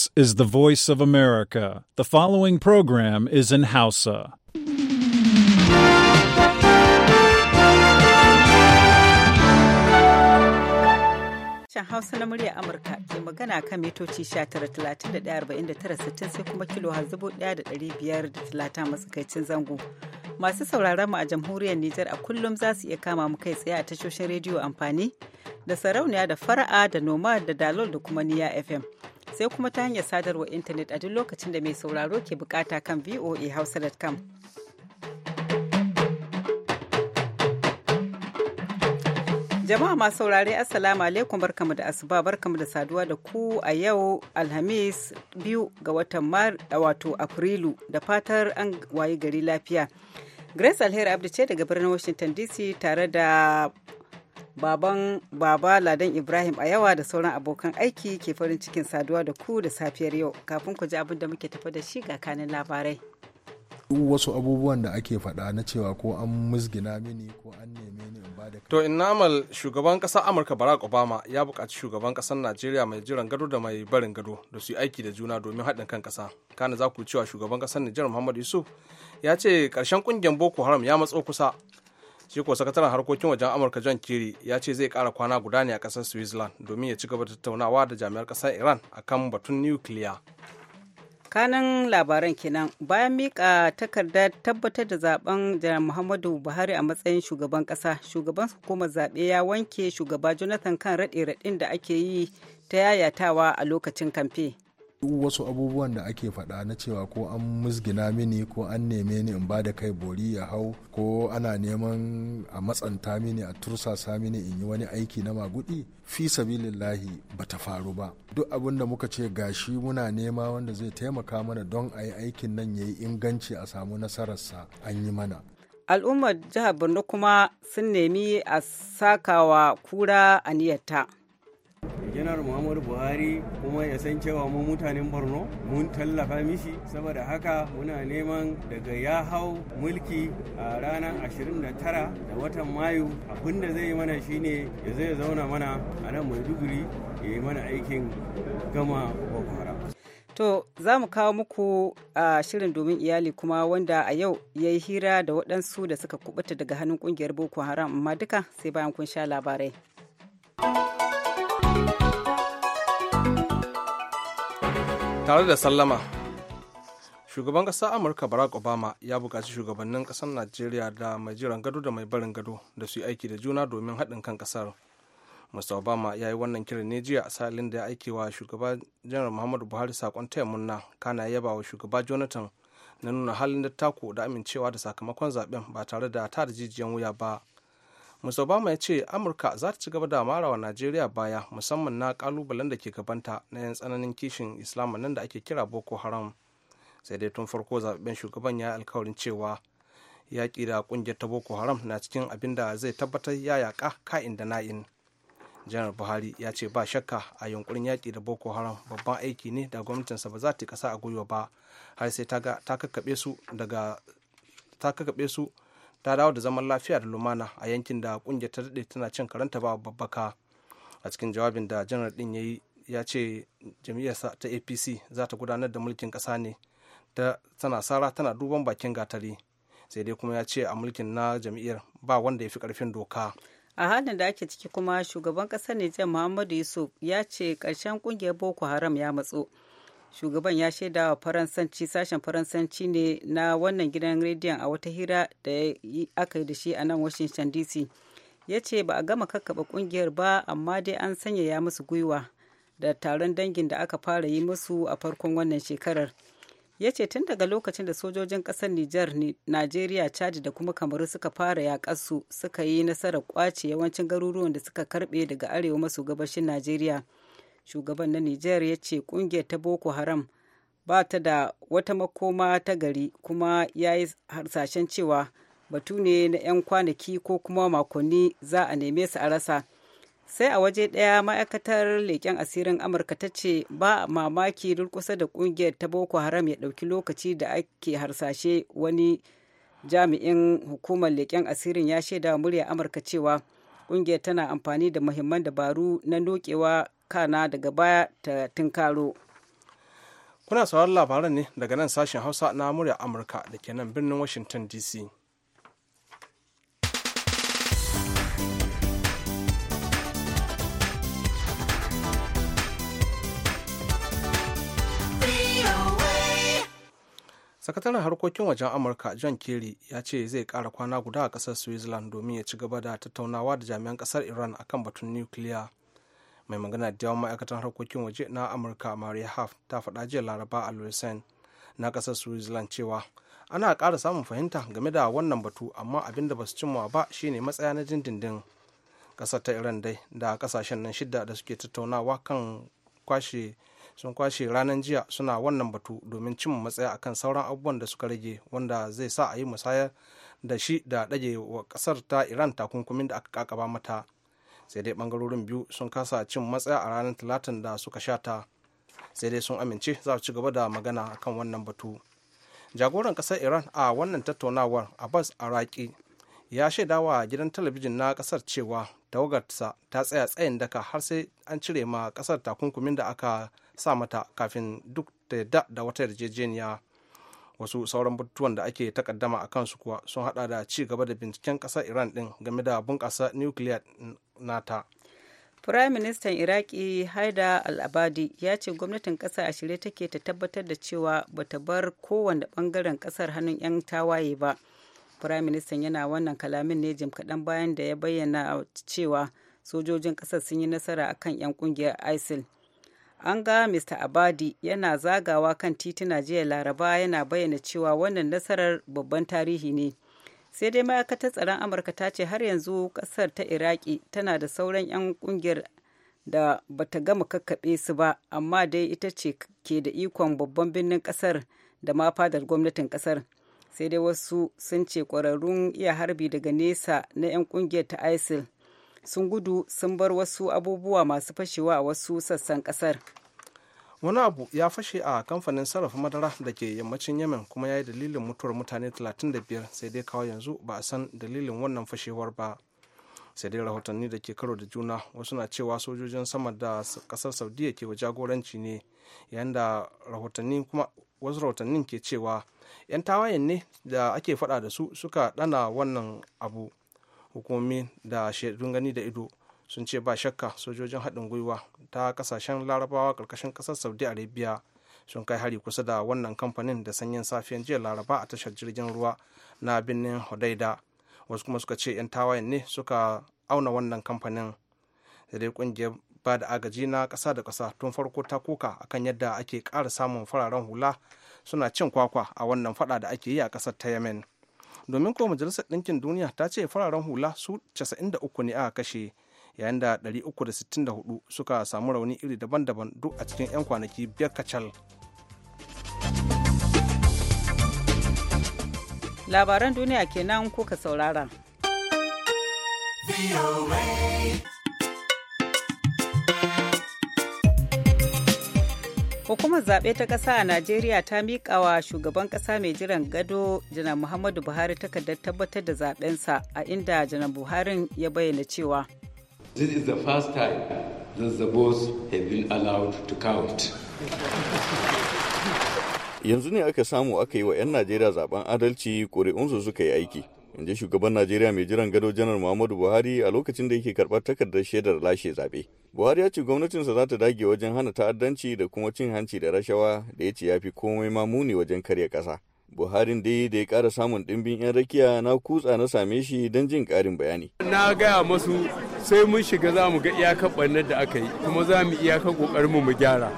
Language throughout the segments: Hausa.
This is the voice of America. The following program is in Hausa. can Hausa na murya Amurka ke magana kan mitoci 19,39,49 sai kuma kilo har 1,530 matsakaicin zango. Masu sauraron mu a jamhuriyar Nijar a kullum za su iya kama mu kai tsaye a tashoshin rediyo amfani da sarauniya da fara'a da noma da dalol da kuma niya FM. sai kuma ta hanyar sadarwar intanet a duk lokacin da mai sauraro ke bukata kan VOA voahausa.com. jama'a masu saurare assalamu alaikum barkamu da asuba barkamu da saduwa da ku a yau alhamis biyu ga watan mar wato afrilu da fatar an wayi gari lafiya grace alheri abdu ce daga birnin washington dc tare da baban baba ladan ibrahim a yawa da sauran abokan aiki ke farin cikin saduwa da ku da safiyar yau kafin ku ji abin da muke tafi da shi ga kanin labarai wasu abubuwan da ake fada na cewa ko an musgina mini ko an neme ni in bada to innamal shugaban ƙasar amurka barack obama ya bukaci shugaban ƙasar najeriya mai jiran gado da mai barin gado da su yi aiki da juna domin haɗin kan ƙasa kana za ku cewa shugaban ƙasar nijar muhammad yusuf ya ce ƙarshen ƙungiyar boko haram ya matso kusa shi ko sakataren harkokin wajen amurka john kerry ya ce zai kara kwana guda ne a kasar switzerland domin ya ci gaba da tattaunawa da jami'ar kasar iran akan batun nukiliya kanan labaran kenan bayan mika takarda tabbatar da zaben da muhammadu buhari a matsayin shugaban kasa shugaban hukumar zaɓe ya wanke shugaba jonathan kan raɗe-raɗin da ake yi ta yayatawa a lokacin kamfe wasu abubuwan da ake faɗa na cewa ko an musgina mini ko an neme ni in ba da kai bori ya hau ko ana neman a matsanta mini a tursasa mini in yi wani aiki na magudi fi sabilillahi ba ta faru ba duk abin da muka ce gashi muna nema wanda zai taimaka mana don a yi aikin nan ya yi inganci a samu nasararsa an yi mana al'ummar jihar borno kuma sun nemi a sakawa kura aniyarta. janar muhammadu buhari kuma ya san cewa mu mutanen borno mun tallafa mishi saboda haka muna neman daga ya hau mulki a ranar 29 da watan mayu abinda zai yi mana shine ya zai zauna mana a nan maiduguri ya yi mana aikin gama boko haram To, za mu kawo muku a shirin domin iyali kuma wanda a yau ya yi hira da waɗansu da suka kubuta daga hannun ƙungiyar Boko Haram, amma duka sai bayan kun sha labarai. tare da sallama shugaban ƙasar amurka barack obama ya buƙaci shugabannin ƙasar najeriya da mai jiran gado da mai barin gado da su yi aiki da juna domin haɗin kan ƙasar mr obama ya yi wannan kiran ne jiya a salin da ya aike wa shugaba janar muhammadu buhari sakon taya munna kana yaba wa shugaba jonathan na nuna halin da taku da amincewa da sakamakon zaben ba tare da ta da jijiyan wuya ba Mr. Obama ya ce Amurka za ta ci gaba da marawa Najeriya baya musamman na kalubalen da ke gabanta na yan tsananin kishin Islam nan da ake kira Boko Haram. Sai dai tun farko zaɓen shugaban ya alkawarin cewa yaƙi da ƙungiyar ta Boko Haram na cikin abin da zai tabbatar ya yaƙa ka'in da na'in. Janar Buhari ya ce ba shakka a yunkurin yaƙi da Boko Haram babban aiki ne da gwamnatinsa ba za ta ƙasa a gwiwa ba har sai ta kakkaɓe su daga ta kakkaɓe su ta dawo da zaman lafiya da lumana a yankin da kungiyar ta daɗe tana cin karanta ba babbaka a cikin jawabin da janar din ya yi ya ce jam'iyyarsa ta apc za ta gudanar da mulkin ƙasa ne tana sara tana duban bakin gatari sai dai kuma ya ce a mulkin na jam'iyyar ba wanda ya fi ƙarfin doka a halin da ake ciki kuma shugaban ƙasar nijar muhammadu yusuf ya ce karshen ƙungiyar boko haram ya matso shugaban ya shaida wa faransanci sashen faransanci ne na wannan gidan rediyon a wata hira da aka yi da shi a nan washington dc ya ce ba a gama kakkaba kungiyar ba amma dai an sanya ya musu gwiwa da taron dangin da aka fara yi musu a farkon wannan shekarar ya ce tun daga lokacin da sojojin kasar nijar nigeria chad da kuma kamaru suka fara yaƙarsu suka yi nasarar kwace yawancin garuruwan da suka karbe daga arewa maso gabashin nigeria. shugaban na nijar ya ce kungiyar ta boko haram ba ta da wata makoma ta gari kuma ya yi harsashen cewa batu ne na 'yan kwanaki ko kuma makonni za a neme su a rasa sai a waje ɗaya ma'aikatar leƙen asirin amurka ta ce ba mamaki durkusa da ƙungiyar ta boko haram ya ɗauki lokaci da ake harsashe wani jami'in hukumar leƙen asirin ya shaida murya amurka cewa ƙungiyar tana amfani da muhimman dabaru na nokewa kana daga baya ta tunkaro kuna sauraron labaran ne daga nan sashen hausa na murya amurka da ke nan birnin washington dc sakataren harkokin wajen amurka john kerry ya ce zai kara kwana guda a kasar switzerland domin ya ci gaba da tattaunawa da jami'an kasar iran akan batun nukiliya mai magana da yawan ma'aikatan harkokin waje na amurka maria haf ta faɗa jiya laraba a lausanne na ƙasar switzerland cewa ana ƙara samun fahimta game da wannan batu amma abin da ba su cimma ba shine matsaya na dindindin ƙasar ta iran dai da ƙasashen nan shidda da suke tattaunawa kan kwashe sun kwashe ranar jiya suna wannan batu domin cimma matsaya akan sauran abubuwan da suka rage wanda zai sa a yi musayar da shi da ɗage wa ƙasar ta iran takunkumin da aka kakaba mata sai dai bangarorin biyu sun kasa cin matsaya a ranar talatin da suka shata sai dai sun amince za su ci gaba da magana kan wannan batu jagoran kasar iran a wannan tattaunawar abbas araki ya shaida wa gidan talabijin na kasar cewa tawagarsa ta tsaya tsayin daka har sai an cire ma kasar takunkumin da aka sa mata kafin duk da yadda da wata yarjejeniya wasu sauran batutuwan da ake takaddama a kansu kuwa sun hada da ci gaba da binciken kasar iran din game da bunƙasa nukiliya nata Prime Ministan Iraki Haida Al-Abadi ya ce gwamnatin ƙasa a shirye take ta tabbatar da cewa bata bar kowane ɓangaren ƙasar hannun 'yan tawaye ba. Firayim Ministan yana wannan kalamin ne jim kaɗan bayan da ya bayyana cewa sojojin ƙasar sun yi nasara a kan 'yan ƙungiyar ISIL. An ga Mr. Abadi yana zagawa kan tituna jiya Laraba yana bayyana cewa wannan nasarar babban tarihi ne. sai dai ma'aikatar tsaron amurka ta ce har yanzu kasar ta iraki tana da sauran 'yan kungiyar da bata gama kakkaɓe su ba amma dai ita ce ke da ikon babban birnin kasar da ma fadar gwamnatin kasar sai dai wasu sun ce kwararrun iya harbi daga nesa na 'yan kungiyar ta isil sun gudu sun bar wasu abubuwa masu fashewa a wasu sassan kasar wani abu ya fashe a kamfanin sarrafa madara da ke yammacin yemen kuma ya yi dalilin mutuwar mutane 35 sai dai kawo yanzu ba a san dalilin wannan fashewar ba sai dai rahotanni da ke karo da juna wasu na cewa sojojin sama da kasar saudiya ke wa jagoranci ne yayin da rahotanni kuma wasu rahotannin ke cewa 'yan tawayen ne da ake fada da su suka dana wannan abu hukumomi da shaidun gani da ido sun ce ba shakka sojojin haɗin gwiwa ta ƙasashen larabawa ƙarƙashin ƙasar saudi arabia sun kai hari kusa da wannan kamfanin da sanyin safiyan jiya laraba a tashar jirgin ruwa na birnin hodaida wasu kuma suka ce 'yan tawayen ne suka auna wannan kamfanin da dai kungiyar ba da agaji na ƙasa da ƙasa tun farko ta kuka akan yadda ake ƙara samun fararen hula suna cin kwakwa a wannan fada da ake yi a ƙasar ta yemen domin ko majalisar ɗinkin duniya ta ce fararen hula su 93 ne aka kashe yayin da 364 suka samu rauni iri daban-daban duk a cikin 'yan kwanaki biyar kacal labaran duniya kenan kuka saurara hukumar zaɓe ta ƙasa a najeriya ta miƙa wa shugaban ƙasa mai jiran gado janar muhammadu buhari takardar tabbatar da zaɓensa a inda janar buhari ya bayyana cewa This is the first time that the votes have been allowed to count. Yanzu ne aka samu aka yi wa 'yan Najeriya zaben adalci ƙuri'unsu suka yi aiki. in ji shugaban najeriya mai jiran gado janar muhammadu buhari a lokacin da yake karɓar takardar shaidar lashe zaɓe buhari ya ce gwamnatinsa za ta dage wajen hana ta'addanci da kuma cin hanci da rashawa da ya ce ya fi komai ma muni wajen karya ƙasa Buharin dai da ya ƙara samun ɗimbin 'yan rakiya na kutsa na same shi don jin karin bayani. Na gaya masu sai mun shiga za mu ga iyakar bannan da aka yi kuma za mu iyakar ƙoƙarinmu mu gyara.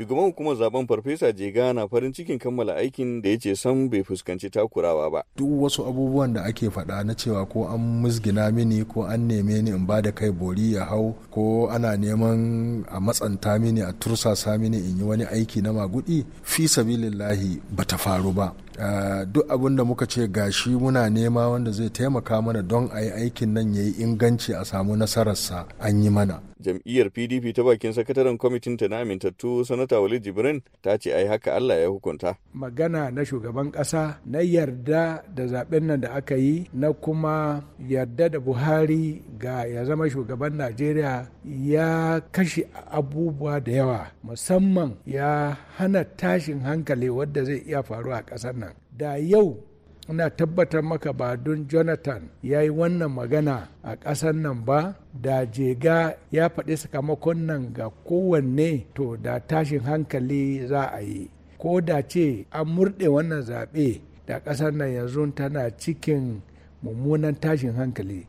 Shugaban hukumar zaben Farfesa Jega na farin cikin kammala aikin da ya ce sam bai fuskanci takurawa ba. Duk wasu abubuwan da ake faɗa na cewa ko an musgina mini ko an neme ni in bada kai bori ya hau ko ana neman a matsanta mini a tursasa mini in yi wani aiki na magudi fi sabilillahi bata faru ba. Eh, duk abin da muka ce gashi muna nema wanda zai taimaka mana don a yi aikin nan ya yi inganci a samu nasararsa an yi mana. Jam'iyyar PDP ta bakin sakataren kwamitin ta na amintattu sanata Walid Jibrin ta ce ai haka Allah ya hukunta. Magana na shugaban ƙasa na yarda da zaben nan da aka yi na kuma yarda da Buhari ga ya zama shugaban Najeriya ya kashe abubuwa da yawa musamman ya hana tashin hankali wadda zai iya faru a ƙasar nan. da yau ina tabbatar maka ba don jonathan ya yi wannan magana a ƙasar nan ba da jega ya faɗi sakamakon nan ga kowanne to da tashin hankali za a yi ko da ce an murɗe wannan zaɓe da ƙasar nan yanzu tana cikin mummunan tashin hankali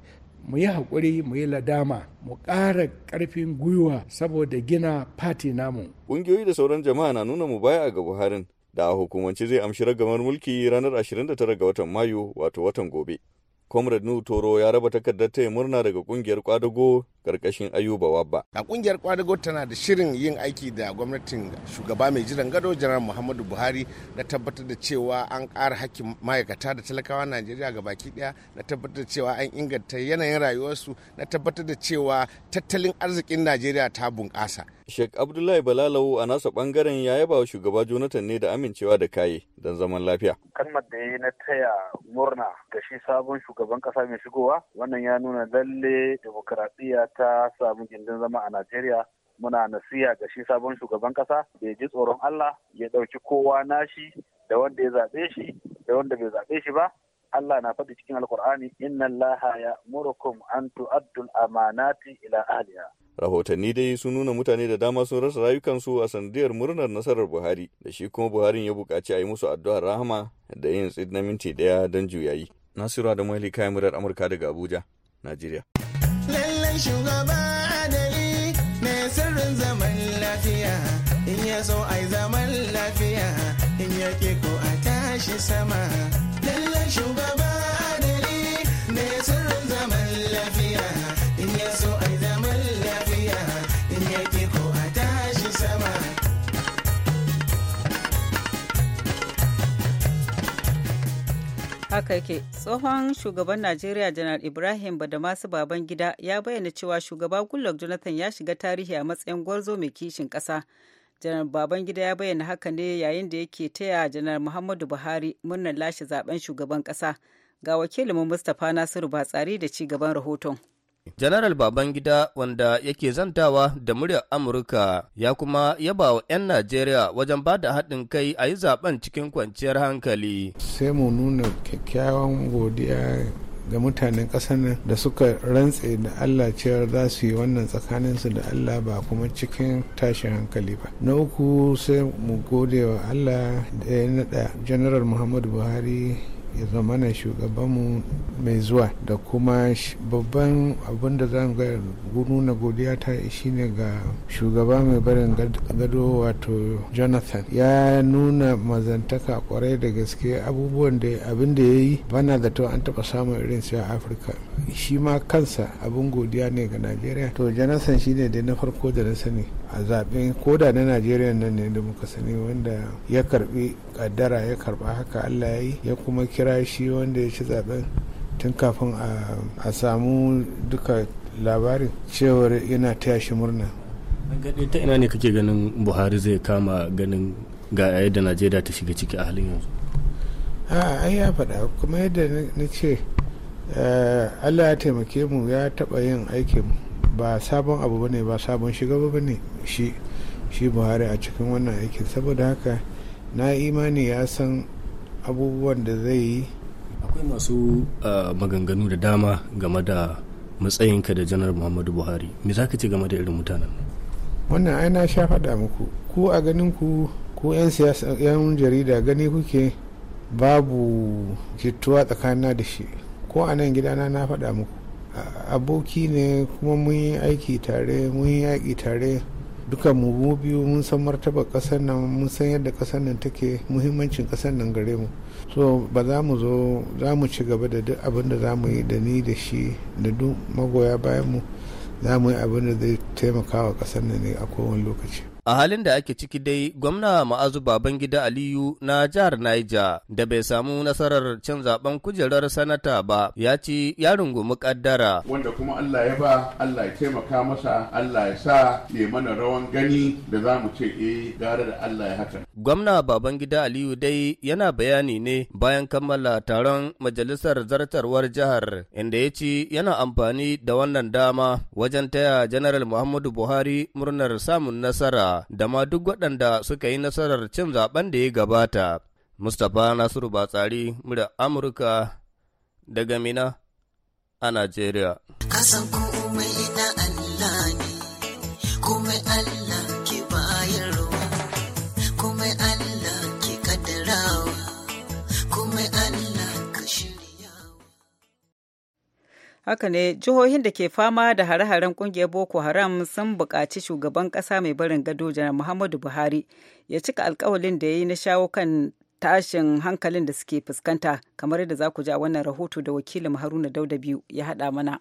mu yi haƙuri mu yi ladama mu ƙara ƙarfin gwiwa saboda gina fati namu ƙungiyoyi da sauran jama'a na nuna mu baya ga buharin da a hukumance zai amshi ragamar mulki ranar 29 ga watan Mayu wato watan gobe. Comrade Nuhu Toro ya raba takardar taya murna daga kungiyar kwadago karkashin ayuba wabba a kungiyar kwadago tana da shirin yin aiki da gwamnatin shugaba mai jiran gado janar muhammadu buhari na tabbatar da cewa an kara hakkin ma'aikata da talakawa najeriya ga baki daya na tabbatar da cewa an inganta yanayin rayuwarsu na tabbatar da cewa tattalin arzikin najeriya ta bunƙasa Sheikh Abdullahi Balalau a nasa bangaren ya yaba wa shugaba Jonathan ne da amincewa da kaye don zaman lafiya. Kalmar da ya na taya murna ga shi sabon shugaban kasa mai shigowa wannan ya nuna lalle demokaradiyya ta samu gindin zama a Najeriya muna nasiya ga shi sabon shugaban kasa da ya ji tsoron Allah ya ɗauki kowa nashi da wanda ya zaɓe shi da wanda bai zaɓe shi ba Allah na faɗi cikin Alƙur'ani inna Allaha ya murukum an tu'addul amanati ila ahliha rahotanni dai sun nuna mutane da dama sun rasa rayukansu a sanadiyar murnar nasarar buhari da shi kuma buhari ya buƙaci a yi musu addu'ar rahama da yin tsid na minti ɗaya don juyayi nasiru da Ali kayan murar amurka daga abuja najeriya shugaba adali mai sirrin zaman lafiya in ya so ai zaman lafiya in ya ko a tashi sama lallan shugaba haka yake tsohon shugaban najeriya janar ibrahim badamasu baban gida ya bayyana cewa shugaba goodluck jonathan ya shiga tarihi a matsayin gwarzo mai kishin ƙasa janar baban gida ya bayyana haka ne yayin da yake taya janar muhammadu buhari murnar lashe zaben shugaban ƙasa ga wakilin mustapha nasiru batsari da ci gaban rahoton Janaral Babangida wanda yake zantawa da muryar Amurka ya kuma yaba wa 'yan Najeriya wajen ba da haɗin kai a yi zaben cikin kwanciyar hankali. Sai mu nuna kyakkyawan godiya ga mutanen ƙasar nan da suka rantse da Allah cewar za su yi wannan tsakaninsu da Allah ba kuma cikin tashin hankali ba. Na uku sai mu gode wa Allah da ya naɗa Janaral Muhammadu Buhari ya zama na shugabanmu mai zuwa da kuma babban abin da zan ga nuna godiya ta shi ne ga shugaba mai barin gado wato jonathan ya nuna mazantaka kwarai da gaske abubuwan da abin da ya yi bana da to an taba samun irin su a afirka shi ma kansa abin godiya ne ga najeriya to jonathan shine da na farko da na sani a zaɓen koda na najeriya nan ne da muka sani wanda ya karbi kaddara ya karba haka allah ya yi ya kuma kira shi wanda ya ci zaɓen tun kafin a samu duka labarin cewar yana taya shi murna ta ina ne kake ganin buhari zai kama ganin ga da najeriya ta shiga ciki a halin yanzu a ya faɗa kuma yadda na ce eh, allah ya taimake mu ya taɓa yin aikin mu ba sabon abu bane ba sabon shiga ba shi buhari a cikin wannan aikin saboda haka na imani ya san abubuwan da zai yi akwai masu ah, maganganu da dama game da matsayinka da janar muhammadu buhari me za ka ce game da irin mutanen wannan ai na sha faɗa muku ku a ganin ku ku 'yan 'yan jarida gani kuke babu jituwa tsakanin da shi ko a nan gidana na faɗa muku aboki ne kuma mun yi aiki tare mun yi yaƙi tare duka mu biyu mun san martaba ƙasar nan mun san yadda ƙasar nan take muhimmancin ƙasar nan gare mu so ba za mu zo za mu ci gaba da duk abin da za mu yi da ni da shi da duk magoya bayan mu za mu yi abin da zai taimaka wa ƙasar nan ne a kowane lokaci A halin da ake ciki dai, gwamna ma'azu Babangida Aliyu na jihar Niger da bai samu nasarar cin zaben kujerar sanata ba, ya ci ya rungumi kaddara. Wanda kuma Allah ya ba, Allah ya taimaka masa, Allah ya sa ne mana rawan gani da za mu ce eh gara da Allah ya haka. Gwamna Babangida Aliyu dai yana bayani ne bayan kammala taron majalisar zartarwar jihar inda ya ci yana amfani da wannan dama wajen taya Janaral Muhammadu Buhari murnar samun nasara. da ma duk waɗanda suka yi nasarar cin zaben da ya gabata. Mustapha Nasiru Batsari, murya Amurka daga Mina a Najeriya. haka ne jihohin da ke fama da hare-haren kungiyar boko haram sun buƙaci shugaban ƙasa mai barin gado janar muhammadu buhari ya cika alkawalin da ya yi na shawo kan tashin hankalin da suke fuskanta kamar yadda za ku ji wannan rahoto da wakilin haruna dauda biyu ya haɗa mana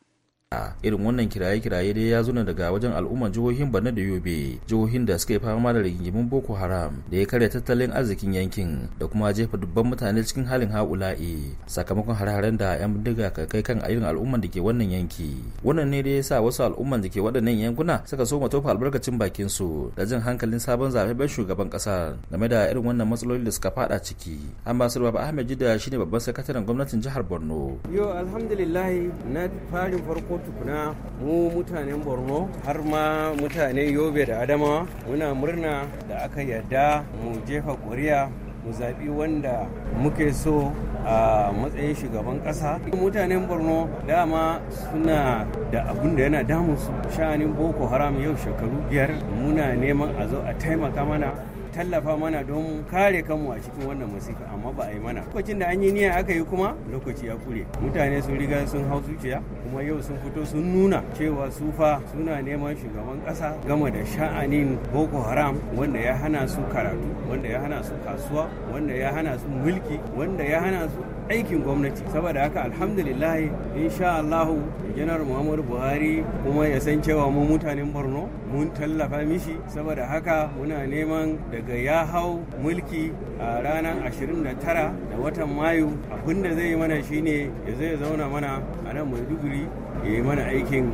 irin wannan kiraye-kiraye dai ya zo daga wajen al'ummar jihohin Borno da Yobe jihohin da suka yi fama da rigingimin Boko Haram da ya karya tattalin arzikin yankin da kuma jefa dubban mutane cikin halin haƙula'i sakamakon har-haren da 'yan bindiga ka kai kan irin al'ummar da ke wannan yanki wannan ne da ya sa wasu al'umman da ke waɗannan yankuna suka so matofa albarkacin bakin su da jin hankalin sabon zaɓen shugaban ƙasar game da irin wannan matsaloli da suka fada ciki ambassador Baba Ahmed Jida shine babban sakataren gwamnatin jihar Borno yo alhamdulillah na farin farko tukuna mu mutanen borno har ma mutanen yobe da adamawa muna murna da aka yarda mu jefa koriya mu zaɓi wanda muke so a matsayin shugaban ƙasa. mutanen borno dama suna da abin da yana damun su sha'anin boko haram yau shekaru biyar muna neman a zo a taimaka mana tallafa mana don kare kanmu a cikin wannan masifa amma ba a yi mana lokacin da an yi niyya aka yi kuma lokaci ya kure mutane sun riga sun hau zuciya kuma yau sun fito sun nuna cewa su fa suna neman shugaban kasa gama da sha'anin boko haram wanda ya hana su karatu wanda ya hana su kasuwa wanda ya hana su mulki wanda ya hana su aikin gwamnati saboda haka alhamdulillah insha Allahu janar Muhammadu Buhari kuma ya san cewa mu mutanen Borno mun tallafa mishi saboda haka muna neman da daga ya hau mulki a ranar 29 da watan mayu abinda zai yi mana shine ya zai zauna mana a nan maiduguri ya yi mana aikin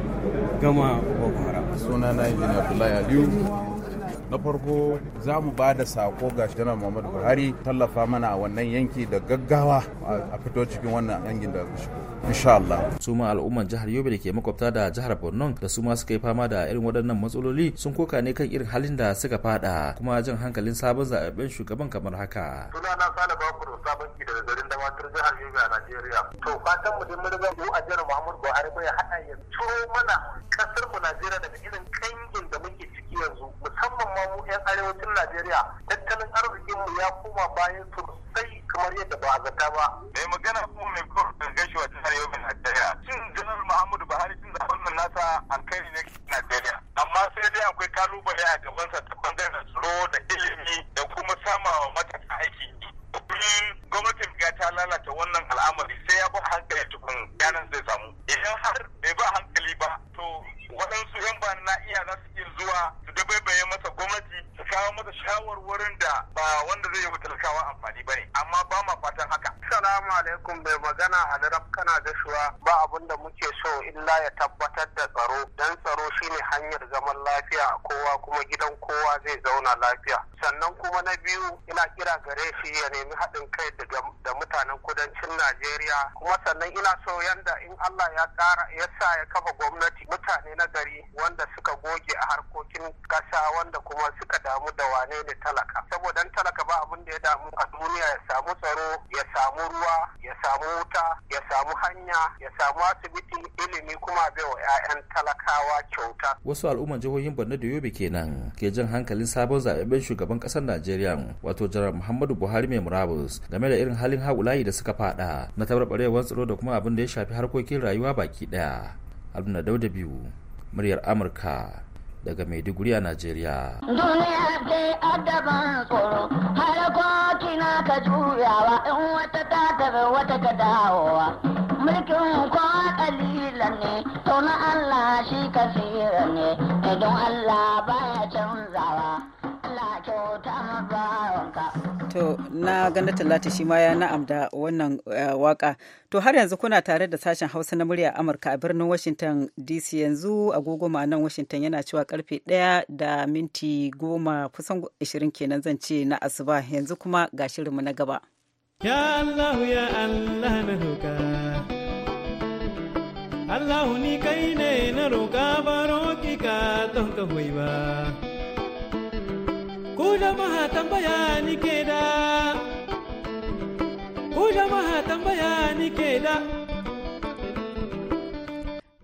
gama boko haram sunana injiniya abdullahi aliyu na farko za mu ba da sako ga janar muhammadu buhari tallafa mana a wannan yanki da gaggawa a fito cikin wannan yankin da shigo insha Allah su ma al'ummar jihar Yobe da ke makwabta da jihar Borno da su ma suka yi fama da irin waɗannan matsaloli sun koka ne kan irin halin da suka fada kuma jan hankalin sabon zaɓen shugaban kamar haka sunana Sale Bakuru sabon ki daga garin Damatur jihar Yobe a Najeriya to fatan mu dai mun a jihar Muhammadu Buhari bai hada ya ciro mana kasar mu Najeriya daga irin Najeriya tattalin arzikinmu ya koma bayan sosai kamar yadda ba a zata ba kara ya sa ya kafa gwamnati mutane na gari wanda suka goge a harkokin kasa wanda kuma suka damu da wane ne talaka saboda talaka ba abin da ya damu a duniya ya samu tsaro ya samu ruwa ya samu wuta ya samu hanya ya samu asibiti ilimi kuma bai wa 'ya'yan talakawa kyauta wasu al'umman jihohin borno da yobe kenan ke jan hankalin sabon zaɓen shugaban ƙasar najeriya wato jiran muhammadu buhari mai murabus game da irin halin haƙulayi da suka fada na tabarbarewar tsaro da kuma abin da ya shafi harkokin rayuwa baki daya haruna dauda biyu muryar amurka daga maiduguri a najeriya duniya ce adaban tsoro har koki na ka juyawa in wata ta tafi wata ka dawowa mulkin ko kalilan ne to na allah shi kasira ne idan allah baya canzawa allah kyauta mabawanka To, na ganda talata shi ma ya na'am da wannan eh, waka. To, har yanzu kuna tare da sashen Hausa na murya Amurka a birnin Washington DC yanzu agogo nan Washington yana cewa karfe ɗaya da minti goma kusan 20 kenan zan ce na asuba yanzu kuma ga shirinmu na gaba. Ya ni kai ne na baro ki ka jama'a tambaya ni ke da ku tambaya ni ke da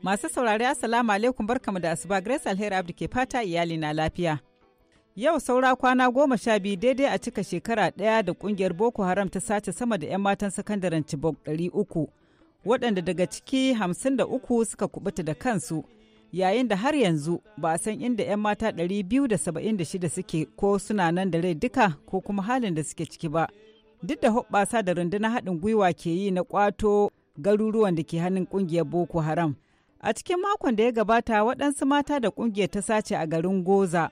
Masu saurari Assalamu alaikum barkamu da asuba Grace Alheri Abdi ke fata iyali na lafiya. Yau saura kwana goma sha biyu daidai a cika shekara ɗaya da kungiyar Boko Haram ta sace sama da 'yan matan sakandaren Chibok 300 waɗanda daga ciki 53 suka kubuta da kansu yayin da har yanzu ba a san inda 'yan mata 276 suke ko suna nan da rai duka ko kuma halin da suke ciki ba duk da hoɓɓasa da rundunar haɗin gwiwa ke yi na ƙwato garuruwan da ke hannun ƙungiyar boko haram a cikin makon da ya gabata waɗansu mata da ƙungiyar ta sace a garin goza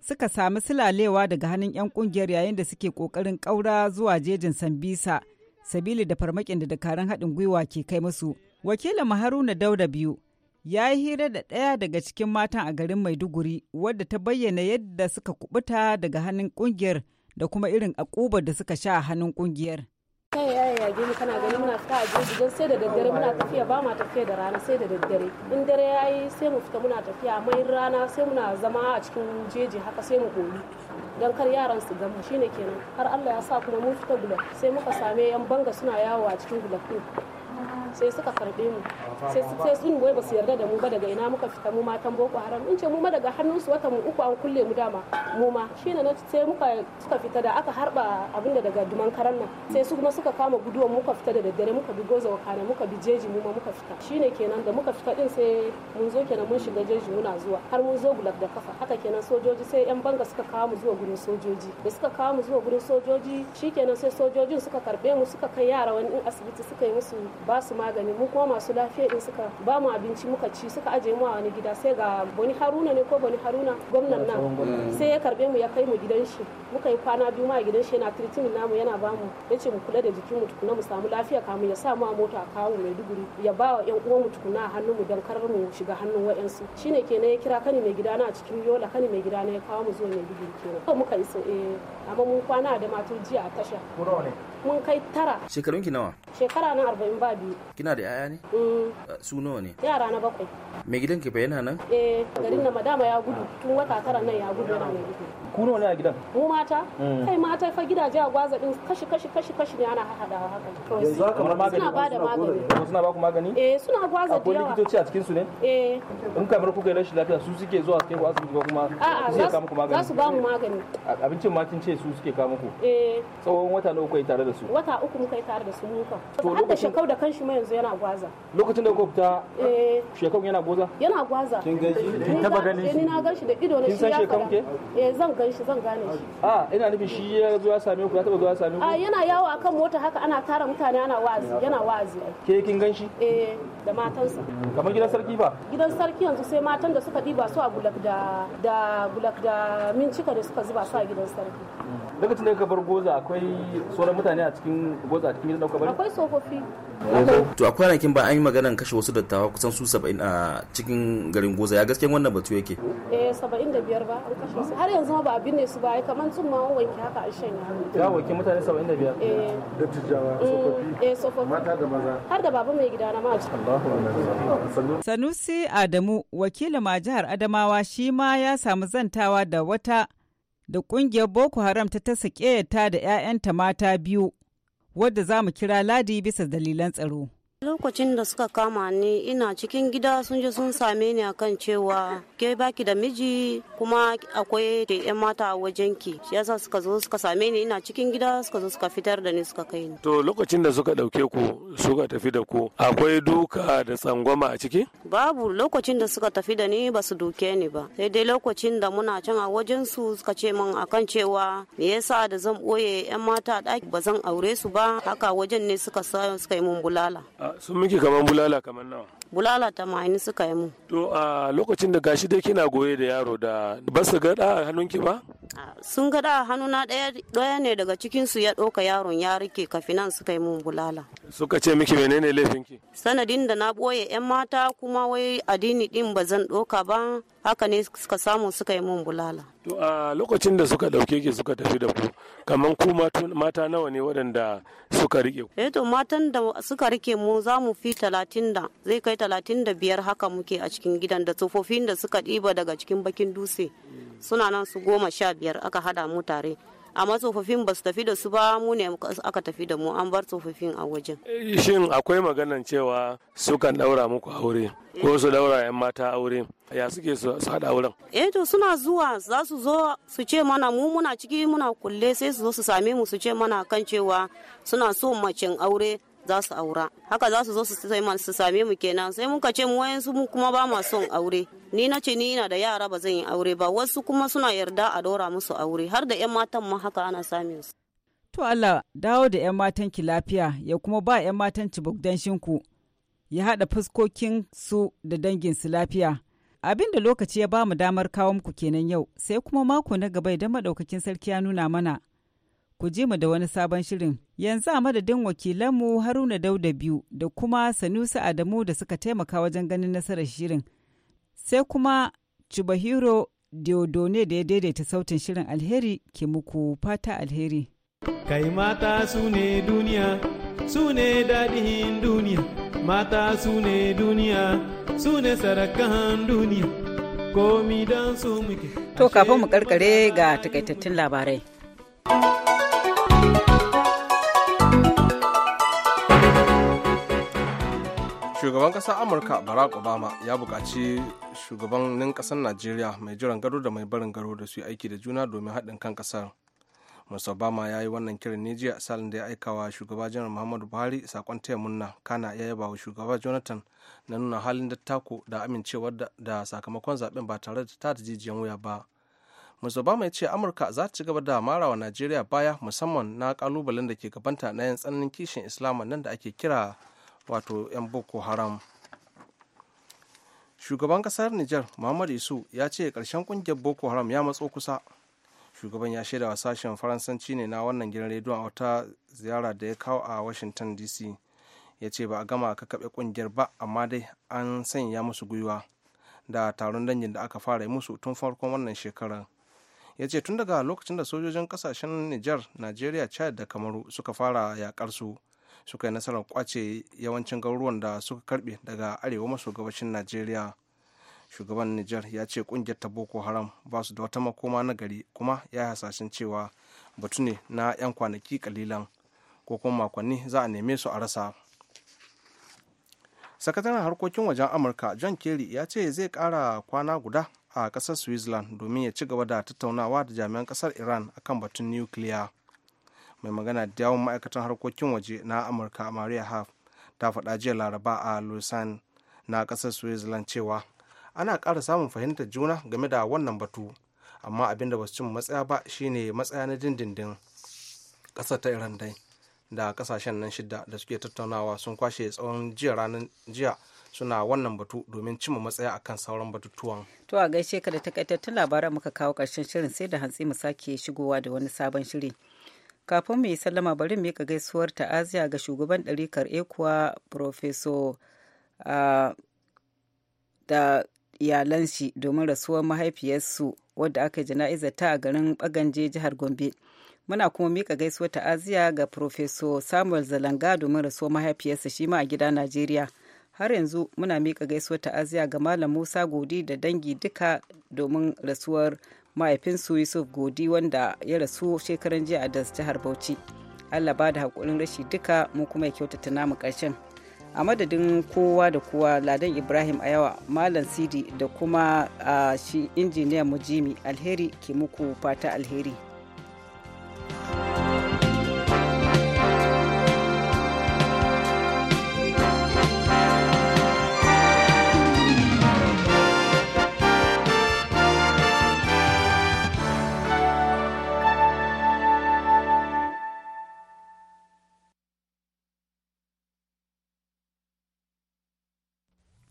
suka sami silalewa daga hannun 'yan ƙungiyar yayin da suke ƙoƙarin ƙaura zuwa jejin sambisa sabili da farmakin da dakarun haɗin gwiwa ke kai musu wakilin haruna dauda biyu ya yi hira da ɗaya daga cikin matan a garin Maiduguri wadda ta bayyana yadda suka kubuta daga hannun kungiyar da kuma irin akubar da suka sha a hannun kungiyar kai ya yage mu kana gani muna fita a jeji don sai da daddare muna tafiya ba ma tafiya da rana sai da daddare in dare ya yi sai mu fita muna tafiya amma in rana sai muna zama a cikin jeji haka sai mu koyi don kar yaran su gamu shine kenan har Allah ya sa kuma mun fita gulab sai muka same yan banga suna yawo a cikin gulab sai suka karbe mu sai sun wai su yarda da mu ba daga ina muka fita mu matan boko haram in ce mu ma daga hannun su wata mu uku an kulle mu dama mu ma ne na sai muka suka fita da aka harba abin da daga duman karan nan sai su kuma suka kama guduwan muka fita da daddare muka bi goza wakana muka bi jeji mu ma muka fita shine kenan da muka fita din sai mun zo kenan mun shiga jeji muna zuwa har mun zo gulab da kafa haka kenan sojoji sai yan banga suka kawo mu zuwa gurin sojoji da suka kawo mu zuwa gurin sojoji shi kenan sai sojojin suka karbe mu suka kai yara wani in asibiti suka yi musu ba su magani mu kuma masu lafiya din suka ba mu abinci muka ci suka aje mu a wani gida sai ga boni haruna ne ko boni haruna gwamnan nan mm. sai ya karbe mu ya kai mu gidan shi muka yi kwana biyu ma a gidan shi yana treatment namu yana ba mu ce mu kula da jikin mu tukuna mu samu lafiya kamun ya sa mu a mota a kawo mai duguri ya ba wa yan uwan mu tukuna a hannun mu don kar mu shiga hannun wayansu shine kenan ya kira kani mai gida na a cikin yola kani mai gida na ya kawo mu zuwa mai duguri kenan muka yi eh, amma mun kwana da matur jiya a tasha mun kai tara shekarun ki nawa shekara na arba'in ba biyu kina da yaya ne mm. uh, su nawa ne yara na bakwai mai gidan ki yana nan eh garin na madama ya gudu tun wata tara nan ya gudu yana mai gudu ku nawa ne a gidan mu mata mm. kai mata fa gidaje a gwaza din kashi kashi kashi kashi ne ana hahadawa haka yanzu haka kamar magani suna bada magani suna ba ku magani eh suna gwaza da yawa akwai likitoci a cikin su ne eh in kamar kuka yi rashin lafiya su suke zuwa cikin ku asibiti ko kuma suke magani za su ba mu magani abincin ma kin ce su suke kawo muku eh tsawon wata nawa kai tare da su wata uku muka yi tare da su muka har da shekau da kanshi mai yanzu yana gwaza lokacin da kuka fita eh. shekau yana gwaza yana gwaza kin ganshi kin taba ganin eh, shi ni na ganshi da ido na shi ya shekau ke eh zan ganshi zan gane shi a ah, ina nufin shi ya zo ya same ku ya taba zo ya same ku a ah, yana yawo akan mota haka ana tara mutane ana wazi yana wazi ke kin ganshi eh da matansa kamar gidan sarki fa gidan sarki yanzu sai matan da suka diba su a gulak da da gulak da mincika da suka zuba su a gidan sarki lokacin da ka bar goza akwai sauran mutane a cikin goza a cikin gidan da bari akwai tsofaffi to a kwanakin ba an yi maganar kashe wasu dattawa kusan su 70 a cikin garin goza ya gaskiyan wannan batu yake eh 75 ba an kashe su har yanzu ba abin ne su ba kamar tun ma wanke haka an shanya ya wanke mutane 75 eh dattijawa mm, tsofaffi eh tsofaffi mata da maza har da baba mai gidana ma Allahu akbar Sanusi Adamu wakilin majahar Adamawa shi ma ya samu zantawa da wata da ƙungiyar Boko Haram ta tasa ƙeyata da 'ya'yanta mata biyu, wadda za mu kira Ladi bisa dalilan tsaro. Lokacin da suka kama ni ina cikin gida sun je sun same ni akan cewa ke baki da miji kuma akwai da yan mata a wajen ki. Shi yasa suka zo suka same ni ina cikin gida suka zo suka fitar da ni suka kai ni. To lokacin da suka dauke ku suka tafi da ku akwai duka da tsangwama a ciki? Babu lokacin da suka tafi da ni ba su duke ni ba. Sai dai lokacin da muna can a wajen su suka ce min akan cewa me yasa da zan boye yan mata daki ba zan aure su ba haka wajen ne suka suka yi mun bulala. sun miki kamar bulala kamar nawa bulala ta tamanin suka yi mu to a lokacin da gashi dai kina goye da yaro da ba su gada a hannunki ba sun gada a hannuna daya ne daga cikin su ya ɗauka yaron ya rike kafinan suka yi mun bulala suka ce miki menene laifinki sanadin da na boye yan mata kuma wai addini din ba zan ɗauka ba haka ne suka samu suka yi mun bulala to a lokacin da suka dauke ki suka tafi da ku kamar ku mata nawa ne waɗanda suka rike ku eh to matan da suka rike mu za mu fi talatin da zai kai talatin da biyar haka muke a cikin gidan da tsofaffin da suka ɗiba daga cikin bakin dutse suna nan su goma sha biyar aka haɗa mu tare amma tsofaffin ba su tafi da su ba mu ne aka tafi da mu an bar tsofaffin a wajen eh, shin akwai maganan cewa sukan daura muku aure ko su daura yan mata aure ya suke su auren eh to suna zuwa za su zo su ce mana mu muna ciki muna kulle sai su zo su same mu su ce mana kan cewa suna so macen aure za su aura haka za su zo su sai same mu kenan sai muka ce mu wayansu mu kuma ba ma son aure ni nace ni ina da yara ba zan yi aure ba wasu kuma suna yarda a dora musu aure har da yan matan ma haka ana samun su to Allah dawo da yan matan ki lafiya ya kuma ba yan matan ci bugdanshin ku ya haɗa fuskokin su da dangin su lafiya abin da lokaci ya ba mu damar kawo muku kenan yau sai kuma mako na gaba idan madaukakin sarki ya nuna mana ku je mu da wani sabon shirin. Yanzu a madadin wakilanmu Haruna Dauda biyu da kuma Sanusi Adamu da suka taimaka wajen ganin nasarar shirin. Sai kuma Chubahiro Diodone da ya daidaita sautin shirin alheri ke muku fata alheri. Kai mata su ne duniya, su ne daɗin duniya, mata su ne duniya, su ne sarakan duniya, komi don su muke. To kafin mu karkare ga takaitattun labarai. shugaban ƙasar amurka barack obama ya buƙaci shugabannin ƙasar najeriya mai jiran gado da mai barin gado da su aiki da juna domin haɗin kan kasar musa obama ya yi wannan kirin ne jiya salin da ya aika wa shugaba janar muhammadu buhari sakon taya munna kana ya yaba wa shugaba jonathan na nuna halin dattako da amincewar da sakamakon zaben ba tare da ta jijiyan wuya ba musa obama ya ce amurka za ta ci gaba da mara wa najeriya baya musamman na kalubalen da ke gabanta na yan tsananin kishin islama nan da ake kira wato 'yan boko haram shugaban kasar niger muhammad isu ya ce karshen kungiyar boko haram ya matso kusa shugaban ya shaida wa sashen faransanci ne na wannan gidan rediyon a wata ziyara da ya kawo a washington dc ya ce ba a gama ka kaɓe kungiyar ba amma dai an sanya musu gwiwa da taron dangin da aka fara musu tun farkon wannan shekarar ya ce tun daga lokacin da sojojin kasashen niger nigeria chad da kamaru suka fara yakar su suka yi nasarar kwace yawancin garuruwan da suka karbe daga arewa maso gabashin najeriya shugaban niger ya ce kungiyar ta boko haram ba su da wata makoma na gari kuma ya yi hasashen cewa batu ne na 'yan kwanaki kalilan ko kuma makonni za a neme su a rasa sakataren harkokin wajen amurka john kerry ya ce zai kara kwana guda a kasar switzerland domin ya ci gaba da tattaunawa da jami'an kasar iran akan batun nukiliya. mai magana da yawon ma'aikatan harkokin waje na amurka maria haf ta faɗa jiya laraba a lusan na ƙasar switzerland cewa ana ƙara samun fahimtar juna game da wannan batu amma abin da basu cin matsaya ba shine matsaya na dindindin ƙasar ta iran dai da ƙasashen nan shida da suke tattaunawa sun kwashe tsawon jiya ranar jiya suna wannan batu domin cimma matsaya akan sauran batutuwan. To a gaishe ka da takaitattun labaran muka kawo ƙarshen shirin sai da hantsi mu sake shigowa da wani sabon shiri. kafin muyi sallama bari mika gaisuwar ta'aziya ga shugaban ɗarikar ekuwa professor da iyalan domin rasuwar mahaifiyarsu wadda aka yi jana'iza ta a garin baganje jihar gombe muna kuma mika gaisuwar ta'aziya ga professor samuel zalanga domin rasuwar mahaifiyarsa shi ma a gida najeriya har yanzu muna mika gaisuwar ta'aziya ga malam musa godi da dangi duka domin rasuwar mahaifinsu yusuf godi wanda ya rasu shekaran jiya a das jihar bauchi allah ba da haƙurin rashi duka mu kuma ya kyautata namu ƙarshen a madadin kowa da kowa ladan ibrahim ayawa malam sidi da kuma ah, shi injiniya mujimi alheri ke muku fata alheri